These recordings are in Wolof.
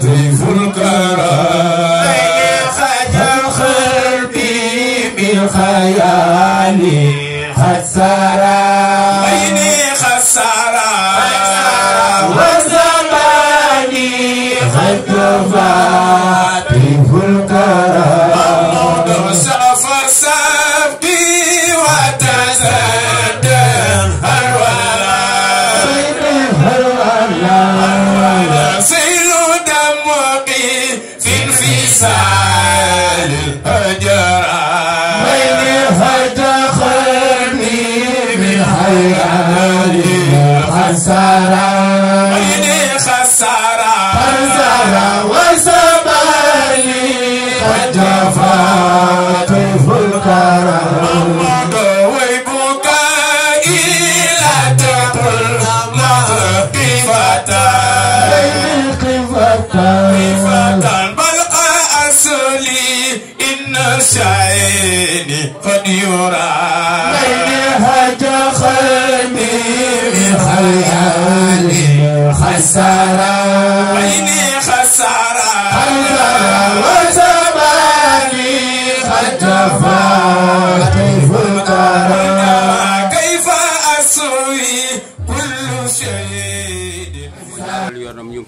تيف الكرام خد الخرب بخيالي قد سرى عيني خسارة وزماني قد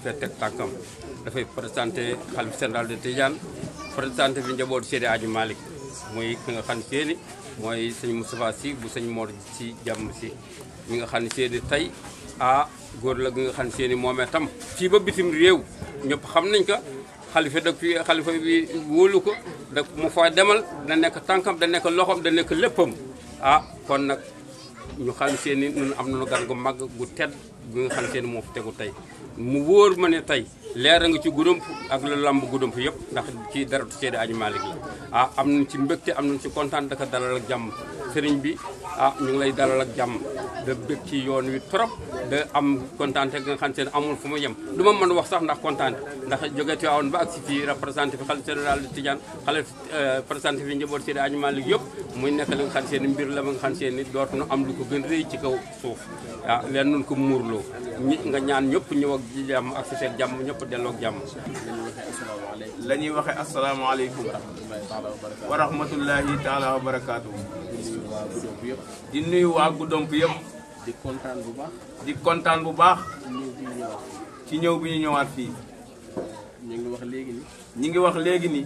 teg tànkam dafay présenté xalif général de Tidiane présenté fi njabootu Seydi Aji Malick muy ki nga xam seeni mooy sëñ Moustapha Sy bu sëñ Mor si jàmm si mi nga xam ne seeni tey ah góor la gi nga xam seeni moomee tam fii ba bitim réew ñëpp xam nañ ko xalifa dëkk xalifa bi da mu fay demal da nekk tànkam da nekk loxoom da nekk léppam ah kon nag ñu xam seen ni ñun am nañu gan gu màgg gu tedd bi nga xam seen moo fi tegu tey mu wóor ma ne tey leer nga ci gudump ak lu lamb gudump yëpp ndax ci daratu Seydi Aji Malick la ah am nañ ci mbégte am nañ ci kontaan daka dalal ak jàmm sëriñ bi ah ñu lay dalal ak jàmm da bég ci yoon wi trop da am kontaan te amul fu mu yem du ma mën wax sax ndax kontaan ndax jóge Tiwaawan ba ak si fii représenté fi xalifa général de Tidiane xalifa euh, représenté fi njaboot Seydi Aji Malick yëpp muy nekk la nga xam seen mbir la ma nga xam seen ni dootuñu am lu ko gën rëy ci kaw suuf ah leen nun ko muurloo ñi nga ñaan ñëpp ñëw ak ji jàmm ak si seen jàmm ñëpp delloo ak jàmm. la ñuy waxee asalaamaaleykum. wa rahmatullahi taala wa barakaatu. di nuyu waa Goudomp yëpp. di kontaan bu baax. di kontaan bu baax. ci ñëw bi ñu ñëwaat fii. ñu ngi wax léegi ni. ñu ngi wax léegi ni.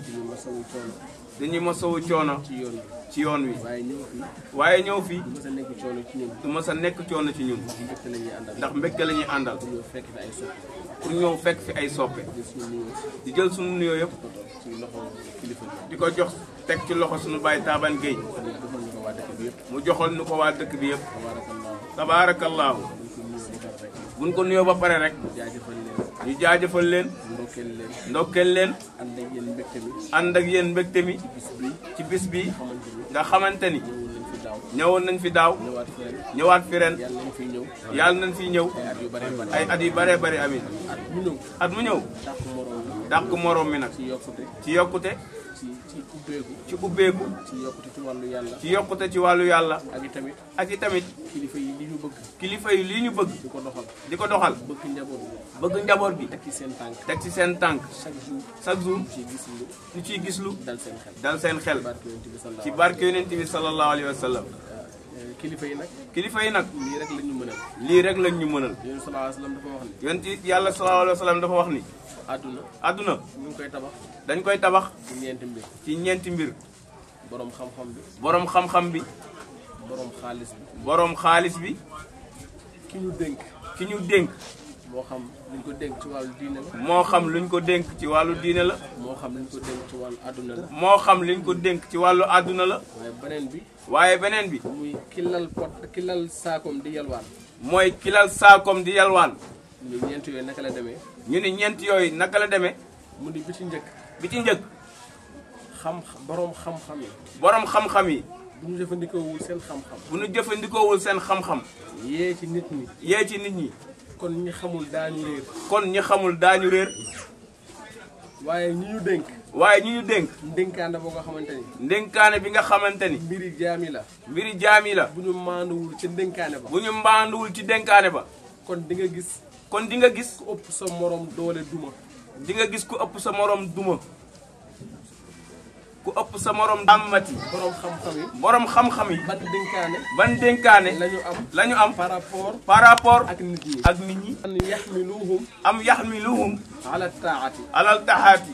dañuy ma sow coono. ci yoon wi ci yoon wi. waaye ñëw fii. waaye ñëw fii. du ma sa nekk coono ci ñun. du ma sa nekk coono ci ñun. ndax mbégte la ñuy àndal. pour ñëw fekk fi ay soppe. pour ñëw fekk fi ay soppe. di jël suñu nuyoo yëpp. di ko jox teg ci loxo suñu bàyyi Taban Gueye. mu joxoon nu ko waa dëkk bi yëpp. tabaarakallaahu buñ ko nuyoo ba pare rek. ñu jaajëfal leen. ndokkeel leen. ndokkeel leen. ànd ak yéen mbégte ànd ak yéen mbégte mi. ci bis bi nga xamante ni. ñëwoon nañ fi daaw. ñëwaat fi ren. yàlla nañ fi ñëw. ay at yu bëree bëri amin at mu ñëw. dàq moroom mi nag. ci yokkute. ci ci ubbeeku. ci ubbeeku. ci yokkute ci wàllu yàlla. ci yokkute ci wàllu yàlla. ak i tamit ak i tamit. kilifa yi li ñu bëgg. kilifa yi li ñu bëgg. di ko doxal di ko doxal. bëgg njaboot bi. bëgg njaboot bi. teg ci seen tànk. teg ci seen tànk. chaque jour chaque jour. ñu ciy gis lu. ñu ciy gis lu. dal seen xel dal seen xel. ci barke yonent bi sallallahu alayhi wa sallam. kilifa yi nag. kilifa yi nag. lii rek lañu ñu mënal. lii rek lañ ñu mënal. yonent sallallahu alayhi wasallam dafa wax ni. yàlla sallallahu alayhi wasallam dafa wax ni. àdduna. àdduna. ñu ngi koy tabax. dañ koy tabax. ci ñeenti mbir. ci ñeenti mbir. boroom xam-xam bi. boroom xam-xam bi. boroom xaalis bi. borom xaalis bi. ki ñu dénk. ki ñu dénk. moo xam luñ ko dénk ci wàllu diine la. moo xam luñ ko dénk ci wàllu diine la. moo xam luñ ko dénk ci wàllu àdduna la. moo xam luñ ko dénk ci wàllu àdduna la. waaye beneen bi. waaye beneen bi. muy kilal pot kilal saakoom di yalwaan. mooy kilal saakoom di yalwaan. ñu ne ñeent yooyu naka la demee. ñu ne ñeent yooyu naka la demee. mu ni bi ci njëkk. bi ci njëkk. xam borom xam-xam yi. borom xam-xam yi. bu ñu jëfandikoowul seen xam-xam. bu ñu jëfandikoowul seen xam-xam. yee ci nit ñi. yee ci nit ñi. kon ñi xamul daañu réer. kon ñi xamul daañu réer. waaye ñi ñu dénk. waaye ñi ñu dénk. ndénkaane boo nga xamante ni. ndénkaane bi nga xamante ni. mbiri jaami la. mbiri jaami la. bu ñu maanduwul ci ndénkaane ba. bu ñu maanduwul ci dénkaane ba. kon di nga gis. kon di nga gis. ku ëpp sa morom doole duma. di nga gis ku ëpp sa morom duma. ku ëpp sa morom amati. borom xam-xam yi borom xam-xam yi. ban dénkaane. ban dénkaane. la ñu am la ñu am. par rapport par rapport. ak nit ñi ak nit ñi. am yaxmiluhum. am yaxmiluhum. ala taati. ala taati.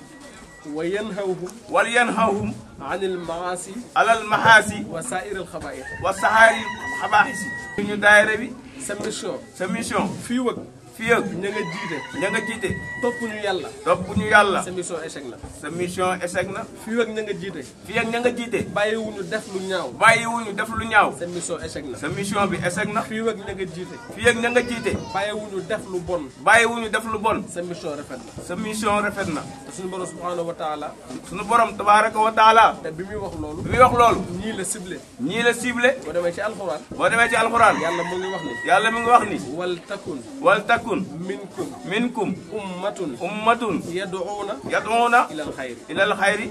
wa yanhawhum. wal yanhawhum. anil maasi. alal maasi. wa saa'ir al xabaa'is. wa saa'ir al xabaa'is. suñu daayira bi. sa mission. sa mission. fii wëgg. fii ak ña nga jiite ña nga jiite topp ñu yàlla topp ñu yàlla sa mission échec na sa mission échec na fii ak ña nga jiite fii ak ña nga jiite bàyyiwuñu def lu ñaaw bàyyiwuñu def lu ñaaw sa mission échec na sa mission bi échec na fii ak ña nga jiite fii ak ña nga jiite bàyyiwuñu def lu bon bàyyiwuñu def lu bon sa mission rafet na sa mission rafet na te suñu borom subhanahu wa taala suñu borom tabaraka wa taala te bi muy wax loolu bi muy wax loolu ñii la ciblé ñii la ciblé boo demee ci alxuraan boo demee ci alxuraan yàlla mu ngi wax ni yàlla mu ngi wax ni wal takun wal takun تكن منكم منكم أمة أمة يدعون يدعون إلى الخير إلى الخير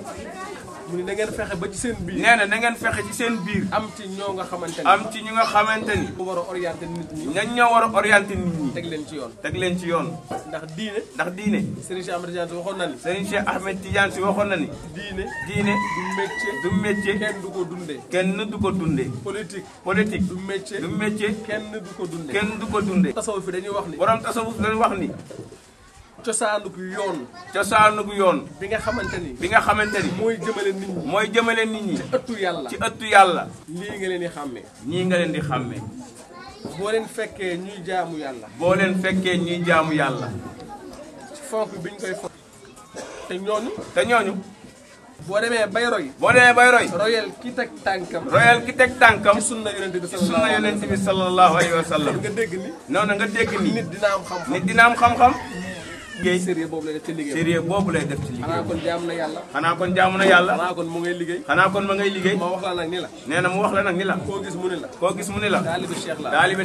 mu ne na ngeen fexe ba ci seen biir. nee na fexe ci seen biir. am ci ñoo nga xamante ni. am ci ñu nga xamante ni. ñoo war a orienté nit ñi. ñañ ñoo war a nit ñi. teg leen ci yoon teg leen ci yoon. ndax diine. ndax diine. Serigne Cheikh Ahmed Tidiane si waxoon na ni. Serigne Cheikh Ahmed Tidiane si waxoon na ni. diine. diine du métier. du métier. kenn du ko dundee. kenn du ko dundee. politique. politique du métier. du métier. kenn du ko dundee. kenn du ko dundee. tasawuf fi dañuy wax ni. borom tasawuf dañuy wax ni. cosaanug yoon. cosaanug yoon. bi nga xamante ni. bi nga xamante ni. mooy jëmale nit ñi. mooy jëmale ni ñi. ci ëttu yàlla. ci ëttu yàlla. lii nga leen di xàmmee. ñii nga leen di xàmmee. boo leen fekkee ñuy jaamu yàlla. boo leen fekkee ñuy jaamu yàlla. ci fonk bi ñu koy fonk. te ñooñu. te ñooñu. boo demee bay roy. boo demee bay roy. royal ki teg tànkam. royal ki teg tànkam. ci sunna yonente bi sallallahu alayhi wa sallam ci nga dégg ni. nit dina am xam xam-xam. liggéey sérieux boobu lay def kon jaamu na yàlla xanaa kon jaamu liggéey nee na mu wax la nag ni la la taalibe cheikh la taalibe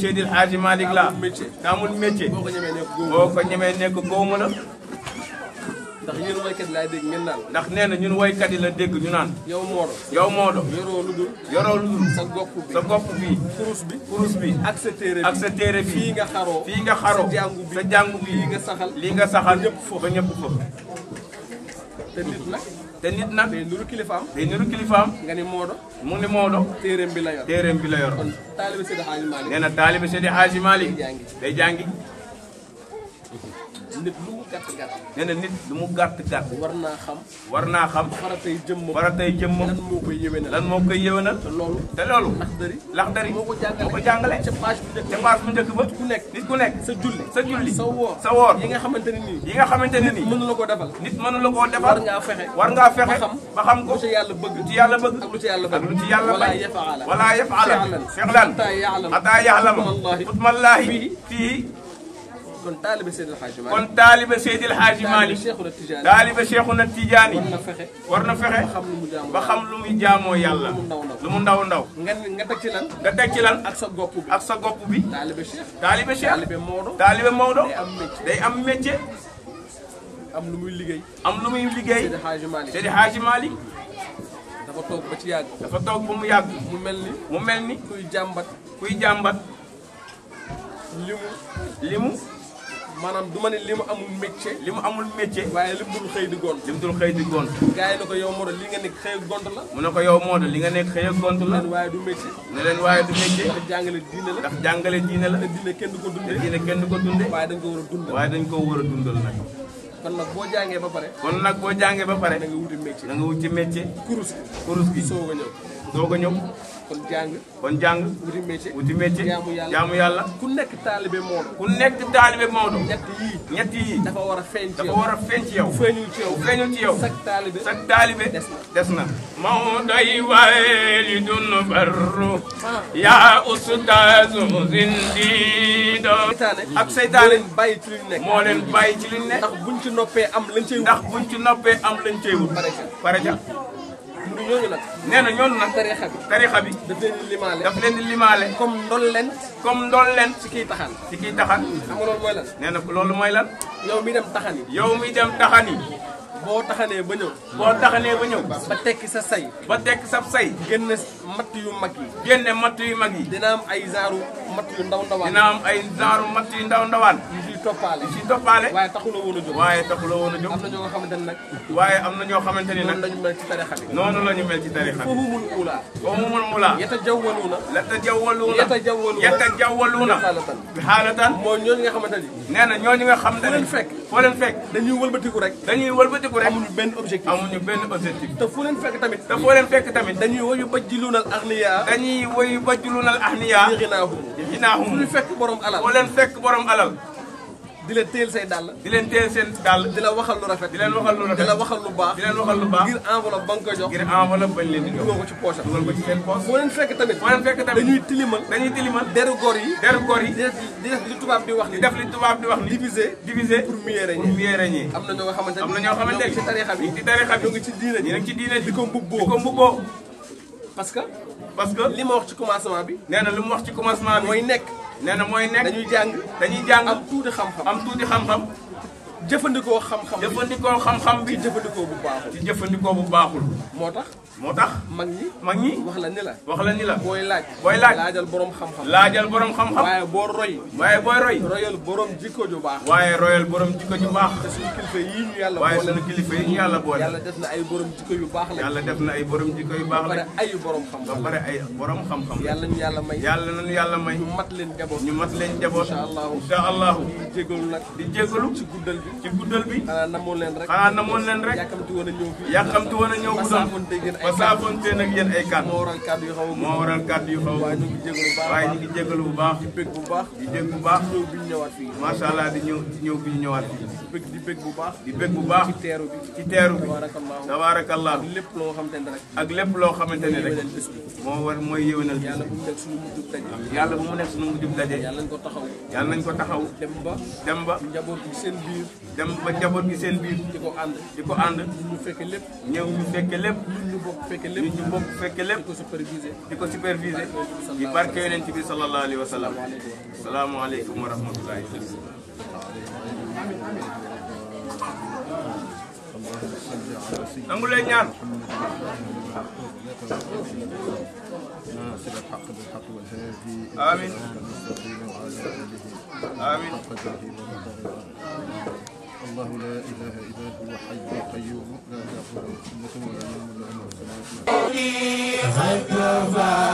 cheikh la la te amul métier ko ñemee nekk góomu la ndax yéen waykat yi laay na ñun waykat yi a dégg ñu naan yow Moodo yow Moodo yoroo lu sa gopp bi sa gopp bi kurus bi kurus bi ak sa téere ak bi fii nga xaroo fii nga xaroo sa jàngu bi sa jàngu lii nga saxal lii nga saxal ñëpp foofu ba ñëpp foofu te nit nag te nit nag day niru kilifaam day niru kilifaam nga ni Moodo mu ni Moodo téereem bi la yor téereem bi la yor kon taalibe Seydi Hadji Malick nee na taalibe Seydi Hadji gàtt nee na nit lu mu gàtt gàtt war naa xam war a xam faratay jëmm faratay jëmm lan moo koy yëwénal lan moo koy yëwénal te loolu te moo ko jàngale moo ko jàngale ca page ku nekk nit ku nekk sa julli sa woor sa woor yi nga xamante yi nga xamante la koo defal nit mënu la koo defal war ngaa fexe war ngaa fexe ba xam ko lu ci yàlla bëgg lu ci yàlla bëgg wala yafaala fi'lan hatta ya'lam hatta ya'lam hukmallahi fii كنت طالب سيد الحاج مالك كنت طالب سيد الحاج مالك طالب شيخنا التجاني war na fexe war na fexe ba xam lu muy jaamoo yàlla lu mu ndaw ndaw nga nga teg ci lan nga teg ci lan ak sa gopp bi ak sa gopp bi taalibe cheikh taalibe cheikh taalibe Maodo taalibe Maodo day am métier am lu muy am lu muy liggéey Seydi Hadji Malick Seydi Hadji dafa toog ba ci yàgg dafa toog ba mu yàgg mu mel mu mel kuy jàmbat kuy jàmbat limu limu maanaam du ma li mu amul métier li mu amul métier waaye li dul xëy di gont li mu dul xëy di gont gars yi ne ko yow Modou li nga nekk xëy ak gont la mu ne ko yow Modou li nga nekk xëy ak gont la waaye du métier ne leen waaye du métier ndax jàngale diine la ndax jàngale diine la te diine kenn du ko dunde diine kenn du ko dundee waaye dañ ko war a dundal waaye ko a dundal nag kon nag boo jàngee ba pare kon nag boo jàngee ba pare da nga wuti métier da nga wuti métier kurus gi kurus gi soo ko ñëw soo kon jàng kon jàng wuti métier wuti métier jaamu yàlla yàlla ku nekk taalibe moo ku nekk taalibe Maodo ñett yii ñett yii dafa war a feeñ ci yow dafa war a feeñ ci yow feeñul ci yow feeñul ci yow sag taalibe sag taalibe des na des na Maodo yi waeli dun barru yaa ustaazu zindido ak seytaane bàyyi ci liñ nekk moo leen bàyyi ci liñ nekk ndax buñ ci noppee am lañ cey wut ndax buñ ci noppee am lañ pare ca du ñooñu nee na ñooñu nag. tarixa bi tarixa bi. daf leen di limaale daf leen di limaale. comme ndollent. comme ndollent. ci kii taxan ci kii taxan. xam nga loolu mooy lan. nee na loolu mooy lan. yow mi dem taxan yi. yow mi dem taxan yi. boo taxanee ba ñëw. boo taxanee ba ñëw. ba tekki sa say. ba tekki sa say. génn matt yu mag yi. génne matt yu mag yi. dina am ay zaaru matt yu ndaw ndawaan. dina am ay yu ndaw ndawaan. yu siy toppaale yu siy toppaale. waaye taxu la woon a jóg waaye taxu la a jóg. am na ñoo xamante ne na ñoo ni nag. noonu la ñu mel ci tarixa bi. noonu la ñu mel ci tarixa bi. umumul ula. umumul ula. yata jawwaluuna. yata jawwaluuna. yata jawwaluuna. yata jawwaluuna. xaalatan. xaalatan. mooy ñooñu nga xamante ni. nee na ñooñu nga xam ne. foo leen fekk dañuy wëlbatiku rek dañuy wëlbatiku rek amuñu benn objectif amuñu benn objectif te fu leen fekk tamit te fekk tamit dañuy wayu bajjiluna الأغنياء dañuy woy ba julun al ahniya yixinaahum yixinaahum lu fekk borom alal boo leen fekk borom alal di leen teel say dàll di leen teel seen dàll di la waxal lu rafet di leen waxal lu rafet di la waxal lu baax di leen waxal lu baax ngir enveloppe ba nga koy jox ngir enveloppe bañ leen di jox dugal ko ci poche dugal ko ci seen poche boo leen fekk tamit boo leen fekk tamit dañuy tilimal dañuy tilimal deru góor yi deru góor yi di def li tubaab di wax ni def li tubaab di wax ni diviser diviser pour mieux régner pour mieux régner am na ñoo xamante am na ñoo xamante ci tarixa bi ci tarixa bi ñoo ngi ci diine ñi nag ci diine di ko mbubboo di ko mbubboo parce que. parce que li ma wax ci commencement bi. nee na li mu wax ci commencement bi. mooy nekk. nee na mooy nekk dañuy jàng. dañuy jàng am tuuti xam-xam am tuuti xam-xam. jëfandikoo xam-xam jëfandikoo xam-xam bi jëfandikoo bu baaxul ci jëfandikoo bu baaxul moo tax moo tax mag ñi mag ñi wax la ni la wax la ni la booy laaj booy laaj laajal borom xam-xam laajal borom xam-xam waaye boo roy waaye booy roy royal borom jikko ju baax waaye royal borom jikko ju baax te suñu kilifa yi ñu yàlla waaye suñu kilifa yi ñu yàlla boole yàlla def na ay borom jikko yu baax la yàlla def na ay borom jikko yu baax la bare ay borom xam-xam ba bare ay borom xam-xam yàlla ñu yàlla may yàlla nañu yàlla may ñu mat leen njaboot ñu mat leen njaboot incha allahu incha allahu di jégalu nag di jégalu ci guddal bi ci guddal bi. xanaa namoon leen rek xanaa namoon leen rek. yàkkamti woon a ñëw fii yàkkamti woon a ñëw bu doon ba saafonte nag yéen ay kàddu. moo waral kàddu yu xaw a moo waral kàddu yu xaw a waaye ñu ngi jégalu bu baax waaye ñu ngi jégalu bu baax. di bu baax di bég bi fii. macha allah di ñëw di ñëw bi ñu ñëwaat fii. bëgg di bëgg bu baax di bëgg bu baax ci teeru bi ci teeru bi tabarakallah ak lépp loo xamante ne rek ak lépp loo xamante ne rek moo war mooy yéwénal bis yàlla bu mu nekk suñu mujjub daje yàlla bu mu nekk suñu mujjub daje yàlla nañ ko taxaw yàlla nañ ko taxaw dem ba dem ba njaboot gi seen biir dem ba njaboot gi seen biir di ko ànd di ko ànd ñu fekke lépp ñëw ñu fekke lépp ñu bokk fekke lépp ñu bokk fekke lépp di ko superviser di ko superviser di barke yonent bi sallallahu alayhi wa sallam salaamaaleykum wa rahmatullahi nangu leen ñaan amiin amiin الله لا إله إلا هو حي القيوم لا تأخذه سنة ولا نوم له ما في السماوات والأرض